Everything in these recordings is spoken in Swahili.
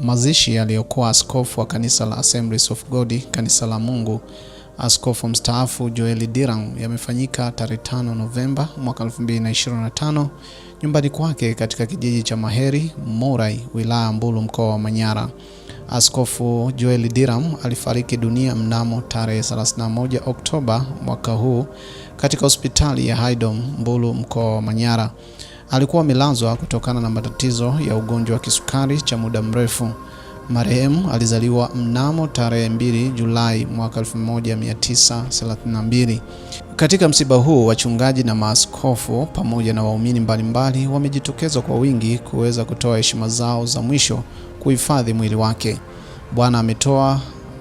mazishi aliyokuwa askofu wa kanisa la Assemblies of God, kanisa la Mungu, askofu mstaafu Joel Diram yamefanyika tarehe 5 Novemba mwaka 2025 nyumbani kwake katika kijiji cha Maheri Murai, wilaya Mbulu, mkoa wa Manyara. Askofu Joel Diram alifariki dunia mnamo tarehe 31 Oktoba mwaka huu katika hospitali ya Haydom Mbulu, mkoa wa Manyara alikuwa amelazwa kutokana na matatizo ya ugonjwa wa kisukari cha muda mrefu. Marehemu alizaliwa mnamo tarehe 2 Julai mwaka 1932. Katika msiba huu, wachungaji na maaskofu pamoja na waumini mbalimbali wamejitokeza kwa wingi kuweza kutoa heshima zao za mwisho kuhifadhi mwili wake. Bwana ametoa,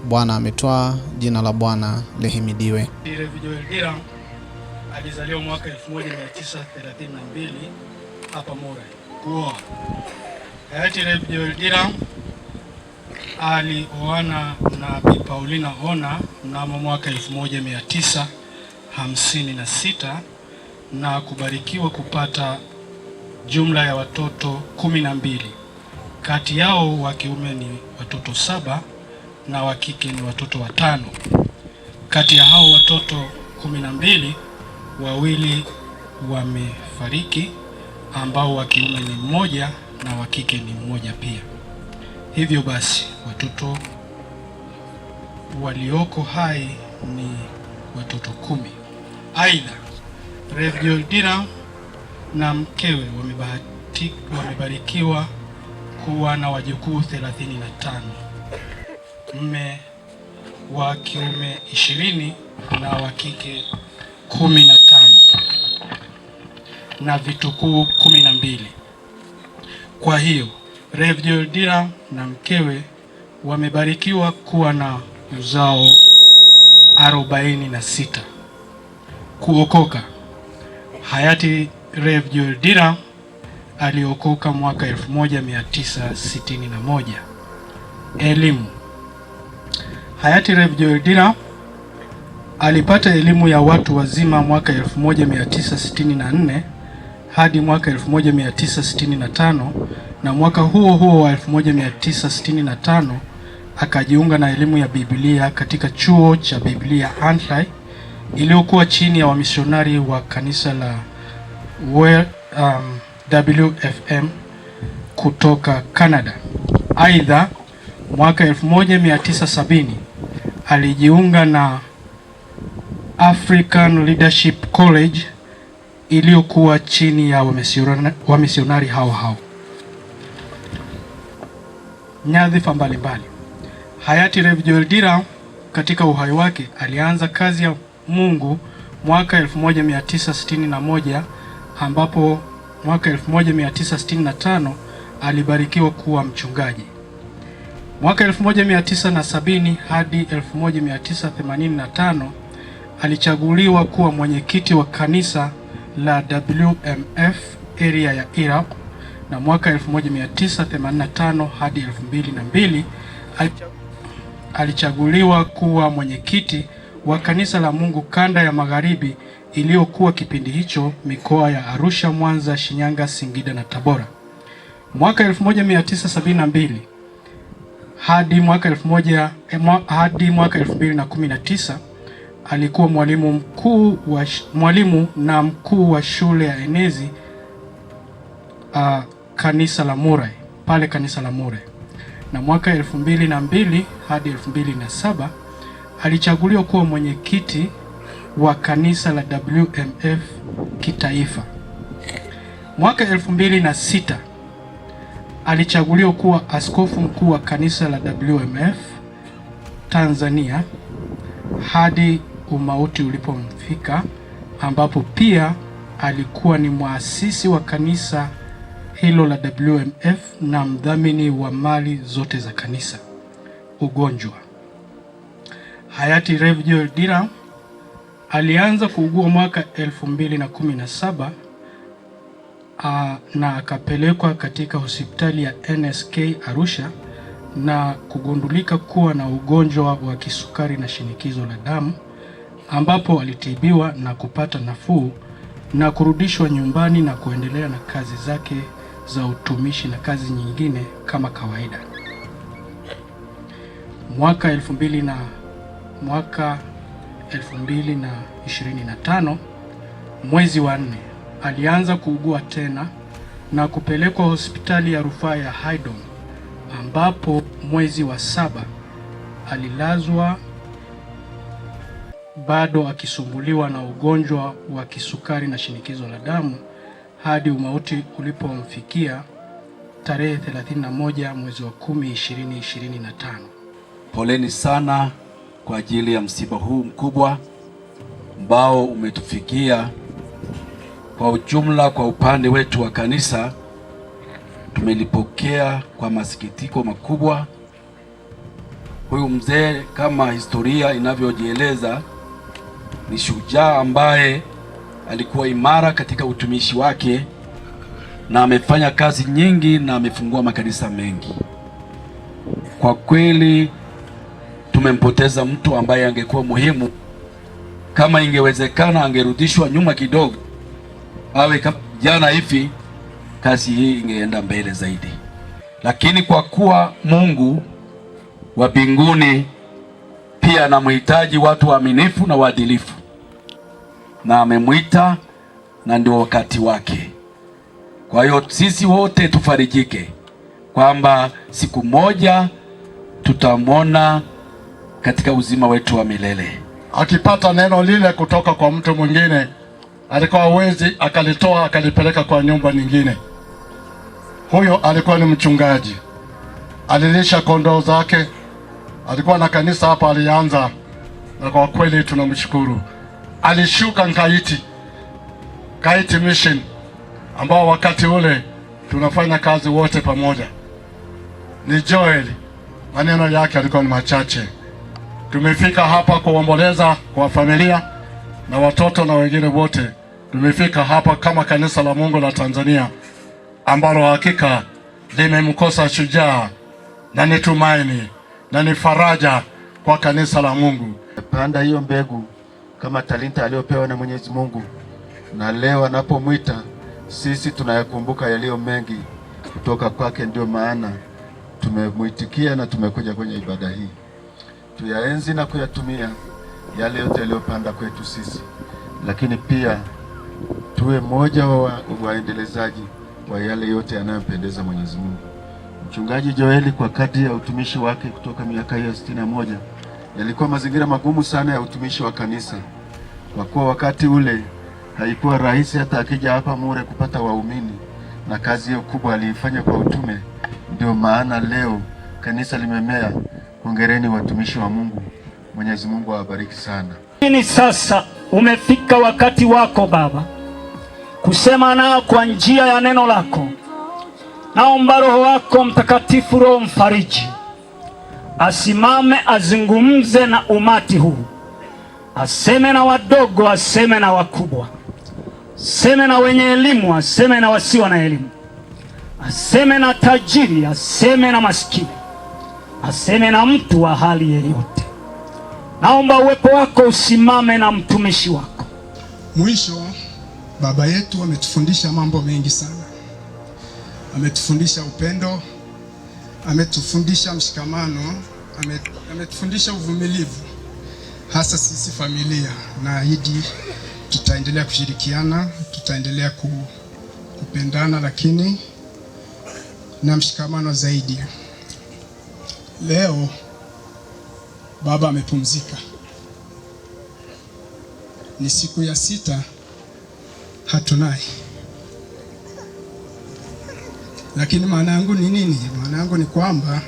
Bwana ametoa, jina la Bwana lihimidiwe. alizaliwa mwaka 1932 Mure kuoa. Hayati Rev Joel Diram alioana na Bi Paulina Ona mnamo mwaka 1956 na kubarikiwa kupata jumla ya watoto kumi na mbili. Kati yao wa kiume ni watoto saba na wa kike ni watoto watano. Kati ya hao watoto kumi na mbili, wawili wamefariki ambao wa kiume ni mmoja na wa kike ni mmoja pia. Hivyo basi watoto walioko hai ni watoto kumi. Aidha, Rev na mkewe wamebarikiwa kuwa na wajukuu 35, mme wa kiume 20 na wa kike 15 na vitukuu kumi na mbili. Kwa hiyo Rev dira na mkewe wamebarikiwa kuwa na uzao arobaini na sita. Kuokoka. Hayati Rev dira aliokoka mwaka 1961. Elimu. Hayati Rev Jordina alipata elimu ya watu wazima mwaka 1964 hadi mwaka 1965 na mwaka huo huo wa 1965 akajiunga na elimu ya Biblia katika chuo cha Biblia Antli iliyokuwa chini ya wamisionari wa kanisa la well, um, WFM kutoka Canada. Aidha, mwaka 1970 alijiunga na African Leadership College iliyokuwa chini ya wamisionari hao hao. Nyadhifa mbalimbali. Hayati Rev Joel Dira katika uhai wake alianza kazi ya Mungu mwaka 1961 ambapo mwaka 1965 alibarikiwa kuwa mchungaji. Mwaka 1970 hadi 1985 alichaguliwa kuwa mwenyekiti wa kanisa la WMF area ya Iraq na mwaka 1985 hadi 2002 alichaguliwa kuwa mwenyekiti wa kanisa la Mungu kanda ya Magharibi iliyokuwa kipindi hicho mikoa ya Arusha, Mwanza, Shinyanga, Singida na Tabora. Mwaka 1972 hadi mwaka 1000 eh, hadi mwaka 2019 alikuwa mwalimu mkuu wa, mwalimu na mkuu wa shule ya enezi uh, kanisa la Murai pale kanisa la Murai, na mwaka 2002 hadi elfu alichaguliwa kuwa mwenyekiti wa kanisa la WMF kitaifa. Mwaka elfu alichaguliwa kuwa askofu mkuu wa kanisa la WMF Tanzania hadi umauti ulipomfika, ambapo pia alikuwa ni mwasisi wa kanisa hilo la WMF na mdhamini wa mali zote za kanisa. Ugonjwa. Hayati Rev Joel Diram alianza kuugua mwaka 2017 na akapelekwa katika hospitali ya NSK Arusha na kugundulika kuwa na ugonjwa wa kisukari na shinikizo la damu ambapo alitibiwa na kupata nafuu na kurudishwa nyumbani na kuendelea na kazi zake za utumishi na kazi nyingine kama kawaida. Mwaka elfu mbili na mwaka tano mwezi wa nne alianza kuugua tena na kupelekwa hospitali ya rufaa ya Haydom ambapo mwezi wa saba alilazwa bado akisumbuliwa na ugonjwa wa kisukari na shinikizo la damu hadi umauti ulipomfikia tarehe 31 mwezi wa 10 2025. Poleni sana kwa ajili ya msiba huu mkubwa ambao umetufikia kwa ujumla. Kwa upande wetu wa kanisa tumelipokea kwa masikitiko makubwa. Huyu mzee kama historia inavyojieleza ni shujaa ambaye alikuwa imara katika utumishi wake na amefanya kazi nyingi na amefungua makanisa mengi. Kwa kweli tumempoteza mtu ambaye angekuwa muhimu. Kama ingewezekana, angerudishwa nyuma kidogo, awe jana hivi, kazi hii ingeenda mbele zaidi. Lakini kwa kuwa Mungu wa mbinguni pia anamhitaji watu waaminifu na waadilifu, na amemwita na ndio wakati wake. Kwa hiyo sisi wote tufarijike kwamba siku moja tutamwona katika uzima wetu wa milele akipata neno lile kutoka kwa mtu mwingine alikuwa hawezi akalitoa akalipeleka kwa nyumba nyingine. Huyo alikuwa ni mchungaji, alilisha kondoo zake alikuwa na kanisa hapa alianza, na kwa kweli tunamshukuru. Alishuka Nkaiti, Kaiti Mission ambao wakati ule tunafanya kazi wote pamoja. Ni Joel, maneno yake alikuwa ni machache. Tumefika hapa kuomboleza kwa familia na watoto na wengine wote. Tumefika hapa kama kanisa la Mungu la Tanzania ambalo hakika limemkosa shujaa na ni tumaini na ni faraja kwa kanisa la Mungu. Panda hiyo mbegu kama talinta aliyopewa na Mwenyezi Mungu, na leo anapomwita sisi tunayakumbuka yaliyo mengi kutoka kwake. Ndio maana tumemwitikia na tumekuja kwenye ibada hii tuyaenzi na kuyatumia yale yote yaliyopanda kwetu sisi, lakini pia tuwe mmoja wa waendelezaji wa yale yote yanayompendeza Mwenyezi Mungu. Mchungaji Joeli kwa kadri ya utumishi wake kutoka miaka hiyo sitini na moja yalikuwa mazingira magumu sana ya utumishi wa kanisa, kwa kuwa wakati ule haikuwa rahisi hata akija hapa Mure kupata waumini, na kazi hiyo kubwa aliifanya kwa utume. Ndio maana leo kanisa limemea. Hongereni watumishi wa Mungu, Mwenyezi Mungu awabariki sana. Ni sasa umefika wakati wako Baba kusema nao kwa njia ya neno lako. Naomba Roho wako Mtakatifu, Roho mfariji, asimame azungumze na umati huu, aseme na wadogo, aseme na wakubwa, aseme na wenye elimu, aseme na wasio na elimu, aseme na tajiri, aseme na maskini, aseme na mtu wa hali yeyote. Naomba uwepo wako usimame na mtumishi wako. Mwisho, baba yetu ametufundisha mambo mengi sana ametufundisha upendo, ametufundisha mshikamano, ametufundisha uvumilivu, hasa sisi familia. Naahidi tutaendelea kushirikiana, tutaendelea kupendana, lakini na mshikamano zaidi. Leo baba amepumzika, ni siku ya sita hatunaye lakini maana yangu ni nini? Maana yangu ni kwamba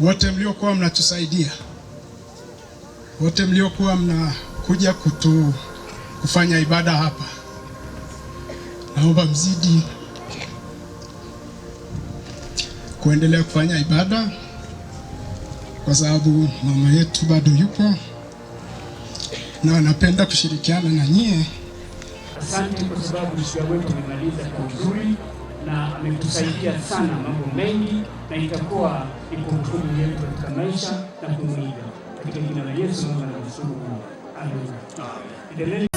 wote mliokuwa mnatusaidia, wote mliokuwa mnakuja kutu kufanya ibada hapa, naomba mzidi kuendelea kufanya ibada, kwa sababu mama yetu bado yupo na anapenda kushirikiana na nyie. Asante kwa sababu msiba wetu umemaliza kwa uzuri na ametusaidia sana mambo mengi, na itakuwa ni kumbukumbu yetu katika maisha na kumwiga katika jina la Yesu. Mungu Amen. Amen.